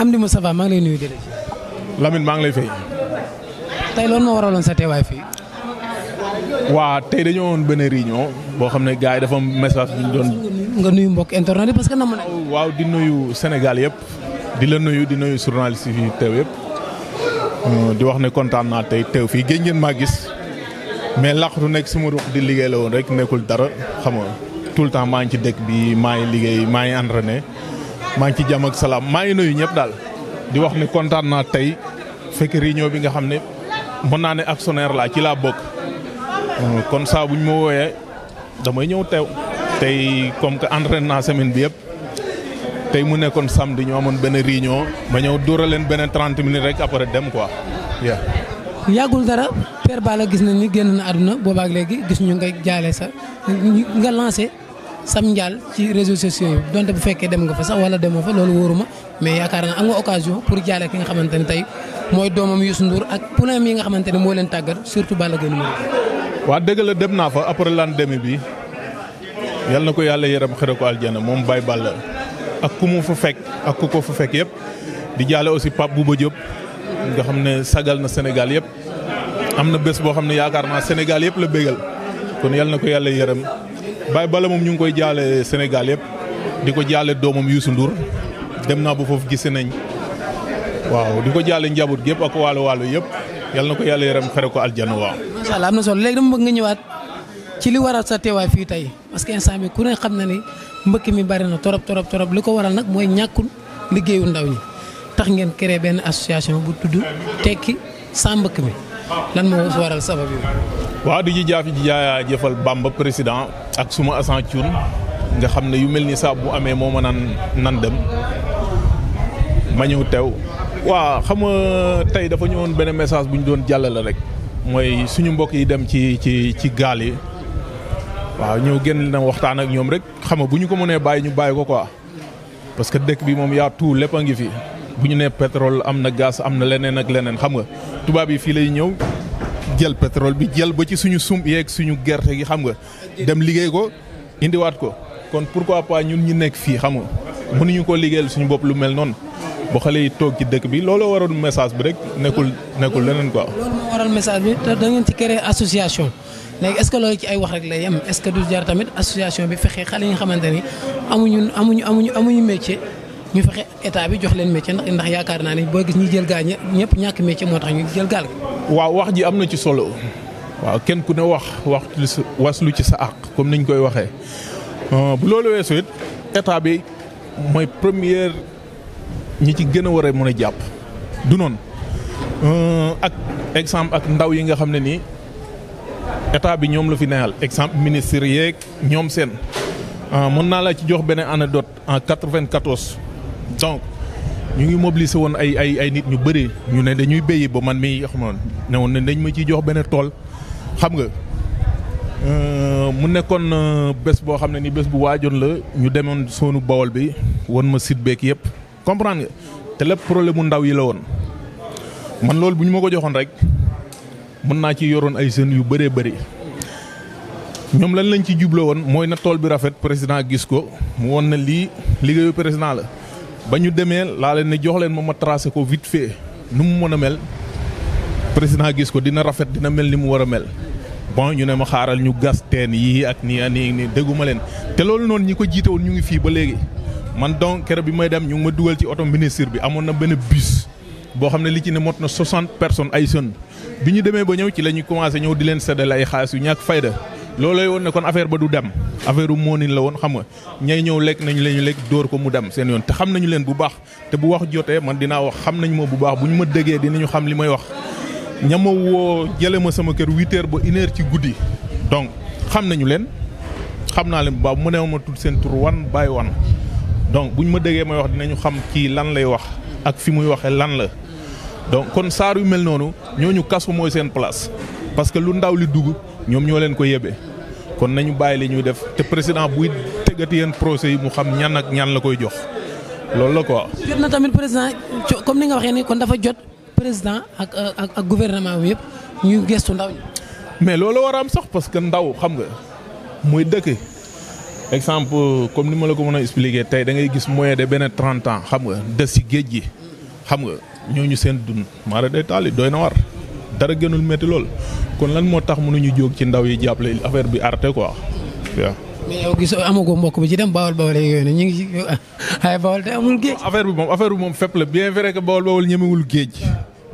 Amdy Moustapha maa ngi lay nuyu jërëjëf. Lamine maa ngi lay fay. tey loolu sa teewaay fii. waa tey dañoo woon benn réunion boo xam ne gars yi dafa am message bu ñu doon. nga nuyu mbokk internet parce que nam na. waaw di nuyu Sénégal yëpp di la nuyu di nuyu journaliste yi fi teew yëpp hmm, di wax ne kontaan naa tey teew fii géej ngeen maa gis mais laqatu nekk suma ma di liggéey la woon rek nekkul dara xam nga tout le temps maa ngi ci dëkk bi maa ngi liggéey maa ngi entraîné maa ngi ci jàmm ak salaam maa ngi nuyu ñëpp daal di wax ni kontaan naa tey fekk réunion bi nga xam ne mën naa ne actionnaire laa ci laa bokk. Euh, kon saa ñu ma wooyee damay ñëw teew tey comme que entraîné naa semaine bi yëpp tey mu nekkoon sam samedi ñu amoon benn réunion ma ñëw dóoraleen beneen 30 minutes rek après dem ko yeah. yàggul dara Père Balla gis nañ ni génn na àdduna boobaak léegi gis ñu nga jaale sa nga lancé. sam njaal ci réseau sociaux yi donte bu fekkee dem nga fa sax wala demoo fa loolu wóoruma mais yaakaar naa am nga occasion pour jaale ki nga xamante ne tey mooy doomam Youssou Ndour ak problème yi nga xamante ne moo leen tàggat surtout Balla Gaye numéro waa dëgg la dem naa fa après lan demi bi yal na ko yàlla yërëm xëre ko aljana moom Baye Balla ak ku mu fa fekk ak ku ko fa fekk yëpp di jaale aussi Pape Bouba Diop nga xam ne sagal na Sénégal yëpp am na bés boo xam ne yaakaar naa Sénégal yëpp la bégal kon yal na ko yàlla yërëm Baye Balla moom ñu ngi koy jaale Sénégal yëpp di ko jaale doomam yuusu Ndour dem naa ba foofu gise nañ waaw di ko jaale njaboot gi yëpp ak waalo waalo yëpp yàlla na ko yàlla yaram xere ko aljana waaw. macha allah am na solo léegi dama bëgg nga ñëwaat ci li waral sa teewaay fii tey parce que instant bi ku ne xam na ni mbëkk mi bari na torop torop torop li ko waral nag mooy ñàkkul liggéeyul ndaw ñi tax ngeen créé benn association bu tudd tekki sans mbëkk mi. a lan moo waral sabab yi. waaw di ji jaafi ji jaaya jëfal Bamba président ak suma assant Thioune nga xam ne yu mel ni saa bu amee moo ma nan dem ma ñëw tew waa xam nga tey dafa ñëwoon benn message bu ñu doon jàllale rek mooy suñu mbokk yi dem ci ci ci gaal yi waaw ñëw génn na waxtaan ak ñoom rek xam nga bu ñu ko mënee bàyyi ñu bàyyi ko quoi parce que dëkk bi moom yaa tout lépp a ngi fi. bu ñu nee pétrole am na gaz am na leneen ak leneen xam nga tubaab yi fii lay ñëw jël pétrole bi jël ba ci suñu sumb yeeg suñu gerte gi xam nga dem liggéey ko indiwaat ko kon pourquoi pas ñun ñu nekk fii xam nga mënuñu ko liggéeyal suñu bopp lu mel noonu boo xale yi toog ci dëkk bi looloo waroon message bi rek nekkul nekkul leneen quoi. loolu waral message bi te da ci créer association léegi est-ce loolu ci ay wax rek lay yem est-ce que du jar tamit association bi fexe xale yi nga xamante ni amuñu amuñu amuñu amuñu métier. ñu fexe état bi jox leen métier ndax ndax yaakaar naa ne boo gis ñi jël gaal ñëpp ñàkk métier moo tax ñu jël gaal gi. waaw wax ji am na ci solo waaw kenn ku ne wax wax waslu ci sa àq comme niñ koy waxee euh, bu loolu weesu it état bi mooy première ñi ci gën a war a mën a jàpp du noonu euh, ak exemple ak ndaw yi nga xam ne nii état bi ñoom la fi neexal exemple ministre yeeg ñoom seen euh, mën naa la ci jox benn anecdote en 94. donc ñu ngi mobiliser woon ay ay ay nit ñu bëri ñu ne dañuy béyi ba man mi xam ne woon ne dañ ma ciy jox benn tool xam nga euh, mu nekkoon euh, bés boo xam ne ni bés bu waajoon la ñu demoon soonu bawol bi won ma site beek yëpp comprendre nga te lépp problème mu ndaw yi la woon man loolu bu ñu ma ko joxoon rek mën naa ci yoroon ay jeunes yu bëree bëri ñoom lan lañ ci jublo woon mooy na tool bi rafet président gis ko mu woon na lii liggéeyu président la ba ñu demee laa leen ne jox leen ma ma tracé ko vite fait nu mu mën a mel président gis ko dina rafet dina mel ni mu war a mel bon ñu ne ma xaaral ñu gas teen yii ak nii ak nii dégguma leen te loolu noonu ñi ko jiite woon ñu ngi fii ba léegi man donc keroog bi may dem ñu ma dugal ci oto ministre bi amoon na benn bus boo xam ne li ci ne mot na soixante personnes ay jeunes bi ñu demee ba ñëw ci la ñu commencé ñëw di leen seddale ay xaalis yu ñàkk fayda loolooy woon ne kon affaire ba du dem affaire u moonin la woon xam nga ñay ñëw lekk nañ leen ñu lekk dóor ko mu dem seen yoon te xam nañu leen bu baax te bu wax jotee man dinaa wax xam nañu ma bu baax bu ñu ma déggee dinañu xam li may wax ña woo jële ma sama kër huit heures ba une ci guddi donc xam nañu leen xam naa leen bu baax bu ma nee ma tudd seen tur wan bàyyi wan donc bu ñu ma déggee may wax dinañu xam kii lan lay wax ak fi muy waxee lan la donc kon saar mel noonu ñooñu kaso mooy seen place parce que lu ndaw li dugg ñoom ñoo leen ko yebee kon nañu bàyyi li ñuy def te président buy tëggati yenn procès yi mu xam ñan ak ñan la koy jox loolu la quoi. jot na tamit président comme ni nga waxee ni kon dafa jot président ak ak ak gouvernement bi yëpp ñu gestu ndaw ñi. mais loolu war a am sax parce que ndaw xam nga muy dëkk exemple comme ni ma la ko mën a expliquer tey da ngay gis moyen de benn 30 ans xam nga des si géej gi xam nga ñooñu seen dund mara day taal doy na war. dara gënul métti lool kon lan moo tax mënuñu jóg ci ndaw yi jàppale affaire bi arrêté quoi waaw. mais yow gis amagoo mbokk bi ci dem bawol bawol yooyu na ñu ngi ci ay bawol te amul géej. affaire bi moom affaire bi moom fépp la bien vrai que bawol bawol ñemewul géej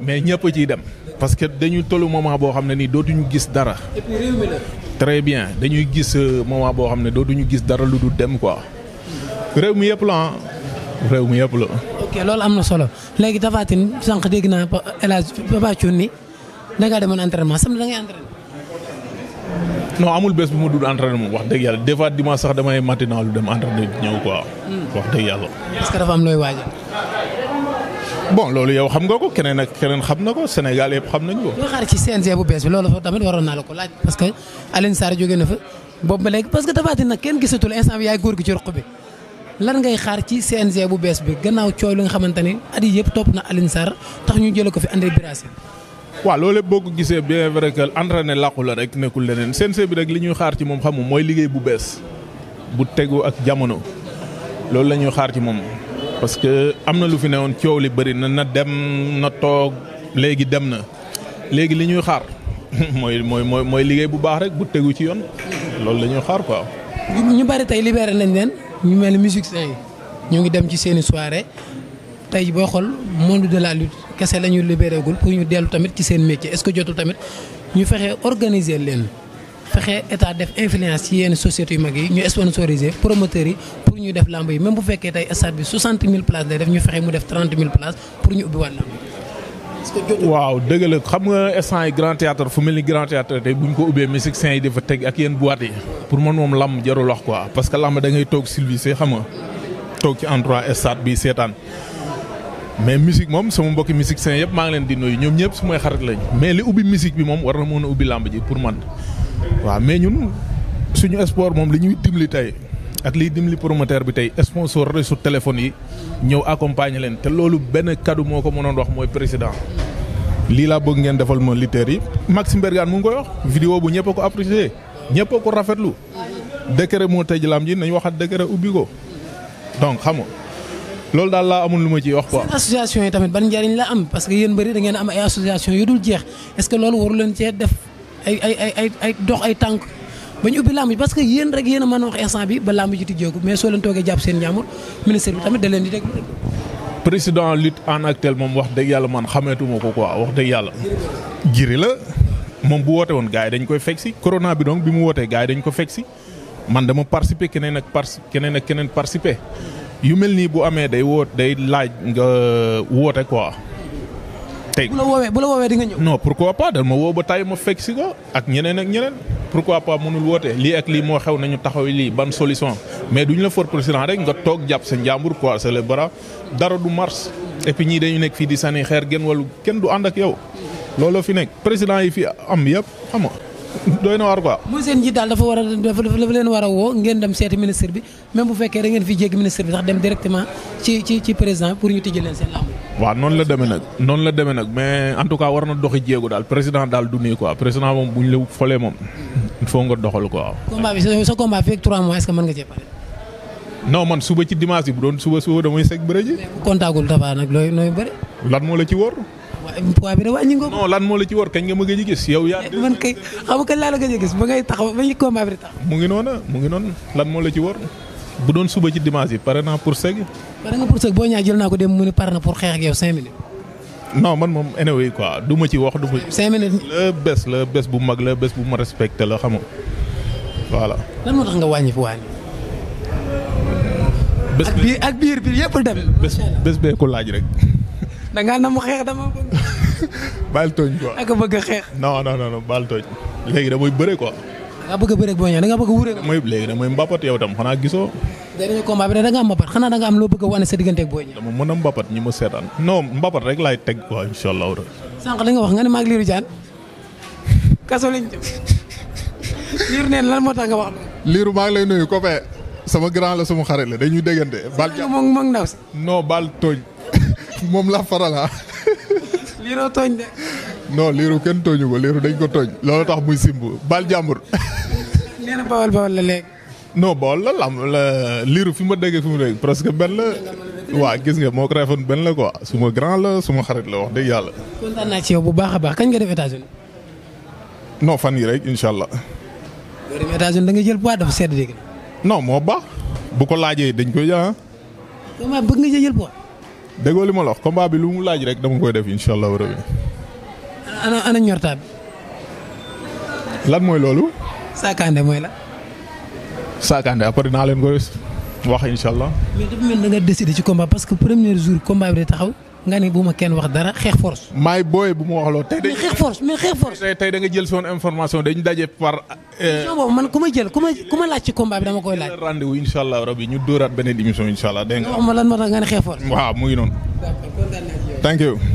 mais ñëpp ciy dem. parce que dañu tollu moment boo xam ne nii dootuñu gis dara. et bien dañuy gis euh, moment boo xam ne dootuñu gis dara lu dul dem quoi. réew mi yëpp la ah. réew mi yëpp la. ok am na solo léegi Tapha Tine sànq da ngaa demoon entraînement samedi da ngay entraîné. amul bés bu ma dul entraîné moom wax dëgg yàlla des fois dimanche sax damay matinal lu dem entraîné ñëw quoi. Hmm. wax dëgg yàlla. est-ce que dafa bon loolu yow xam nga ko keneen ak keneen xam na ko Sénégal yëpp xam nañ ko. loo xaar ci CNG bu bees bi loolu tamit waroon naa la ko laaj parce que Alioune Sarr jóge na fa boobu ba léegi parce que Tapha nag kenn gisatul instant bi yaay góor gi ci roq bi lan ngay xaar ci CNG bu bees bi gannaaw coow li nga xamante ni at yëpp topp na Alioune tax ñu jëlee ko fi André Birassi waaw loolu lépp boo ko gisee bien vrai que entraîné làqu la rek nekkul leneen CNG bi rek li ñuy xaar ci moom xamu mooy liggéey bu bees bu tegu ak jamono loolu lañuy xaar ci moom. parce que am na lu fi newoon coow li bëri na na dem na toog léegi dem na léegi li ñuy xaar mooy mooy mooy liggéey bu baax rek bu tegu ci yoon loolu lañuy ñuy xaar quoi. ñu bari tey libéré nañ leen ñu mel ni musiciens yi ñu ngi dem ci seeni soirée tey boo xool monde de la kese la ñu libéré pour ñu dellu tamit ci seen métier est-ce que jotul tamit ñu fexe organiser leen fexe état def influence ci yenn sociétés yu mag yi ñu sponsoriser promoteurs yi pour ñu def lamb yi même bu fekkee tey stade bi 60 000 places lay def ñu fexe mu def 30 000 places pour ñu ubbiwaat lamb waaw dëgg xam nga instant yi grand théâtre fu mel ni grand théâtre tey bu ñu ko ubbee musiciens yi dafa teg ak yenn boîte yi. pour man moom lamb jarul wax quoi parce que lamb da ngay toog sylvissé xam nga toog ci endroit stade bi seetaan. mais musique moom sama mbokki musiciens yëpp maa ngi leen di nuyu ñoom ñëpp su may xarit lañ mais li ubbi musique bi moom war na mën a ubbi làmb ji pour man waaw mais ñun suñu sport moom li ñuy dimbali tey ak liy dimbali promoteur bi tey sponsor réseau téléphone yi ñëw accompagner leen te loolu benn kaddu moo ko mënoon wax mooy président lii laa bëgg ngeen defal ma lutteurs yi Maxime Bergane mu ngi koy wax vidéo bu ñëpp ko apprécié ñëpp a ko rafetlu décret moo tëj làmb ji nañ waxaat décret ubbi ko donc xam loolu daal laa amul lu ma ciy wax quoi. seen association yi tamit ban njariñ la am parce que yéen bëri da ngeen am ay association yu dul jeex est-ce que loolu waru leen cee def ay ay ay ay dox ay tànk ba ñu ubbi làmb ji parce que yéen rek yéen a mën a wax instant bi ba làmb ji tijjeeku mais soo leen toogee jàpp seen njàmbur ministre bi tamit da di déglu. président lutte en actel moom wax dëgg yàlla man xameetuma ko quoi wax dëgg yàlla. jiri la moom bu wootee woon gars yi dañ koy fekk si corona bi donc bi mu wootee gars dañ ko fekk si man dama participer keneen ak par keneen ak keneen participer yu mel nii bu amee day woot day laaj nga woote quoi. tey bu la woowee bu la woowee di nga ñëw. non pourquoi pas dal ma woo ba tay ma fekk si ko ak ñeneen ak ñeneen pourquoi pas mënul woote lii ak lii moo xew nañu taxaw lii ban solution mais duñu la for président rek nga toog jàpp sa njàmbur quoi c'est le bras dara du mars et ñii dañu nekk fii di sànni xeer genn walu kenn du ànd ak yow looloo fi nekk président yi fi am yëpp xam doy na waar quoi. muy seen ji daal dafa war a dafa dafa leen war a woo ngeen dem seeti ministre bi même bu fekkee da fi jéggi ministre bi sax dem directement ci ci ci président pour ñu tijji leen seen làmb. waaw noonu la demee nag noonu la demee nag mais en war na doxi jéego daal président daal du nii quoi président moom bu la folee moom il nga doxal quoi. combat sa combat fii ak mois est-ce nga cee pare. non man suba ci dimanche bi bu doon suba waaye poids bi da wàññi lan moo la ci war kañ nga ma gëj a gis yow. yaa eh, man kay xam nga kañ laa a gis ba ngay taxaw ba ñu combat bi tax. mu ngi noona noonu lan moo la ci war bu doon suba ci dimanche yi pare naa pour sëg. pare nga pour boo ñaa jël naa ko dem mu ne pare na pour xeex ak yow cinq minutes. non man moom anyway quoi du ma ci wax du ma. cinq minutes la bés la bés bu mag la bés bu ma respecté la xam nga voilà. lan moo tax nga wàññi fi wàññi. bés ak biir ak biir bi yëpp dem. bee ko laaj rek. da ngaa mu xeex dama bëgg. baal tooñ quoi. ak bëgg a xeex. non non non baal tooñ. léegi damay bëre quoi. da nga bëgg a bëre boo nga bëgg a wuree. damay léegi damay mbapat yow tam xanaa gisoo. dernier combat bi da nga am xanaa da nga am loo bëgg a wane sa diggante ak boo ñëwee. dama mën a mbapat ñi ma seetaan. non mbapat rek laay teg quoi incha allah. sànq li nga wax nga ne maag Lirou Diane kaso lañ neen lan moo tax nga wax loolu. Lirou lay nuyu ko sama grand la sama xarit la dañuy déggante. bal jàpp noo bal tooñ moom laa faral ah. liiroo tooñ de. non liiru kenn tooñu ko liiru dañ ko tooñ. loolu tax muy simb bal jàmbur. nee na bawal la léegi. liiru fi ma déggee fi mu dégg presque benn la. waa gis nga moo ko refoon benn la quoi suma grand la suma xarit la wax dëgg yàlla. kontaan naa ci bu baax a baax kañ nga def États-Unis fan yi rek incha allah. boo demee États-Unis jël poids dafa sedd dégg. non moo baax bu ko laajee dañ koy jël ah. bëgg nga jël poids. déggoo li ma la wax combat bi lu mu laaj rek dama koy def incha allahu rabi. ana ana ñortaa lan mooy loolu. saakaande mooy la. saakaande après naa leen koy wax incha allah. mais dafa mel da nga décidé ci combat parce que premier jour combat bi day taxaw. nga ni bu ma kenn wax dara xeex force. maay booy bu ma wax loolu. tey dañuy tey da nga jël son information dañu daje par. émission euh, boobu man ku ma jël ku ma ku ma laaj ci combat bi dama koy laaj. rendez-vous incha allah rabi ñu dóoraat beneen émission incha allah dégg nga. wax ma lan moo tax nga ne xeex force. waaw mu noonu. thank you.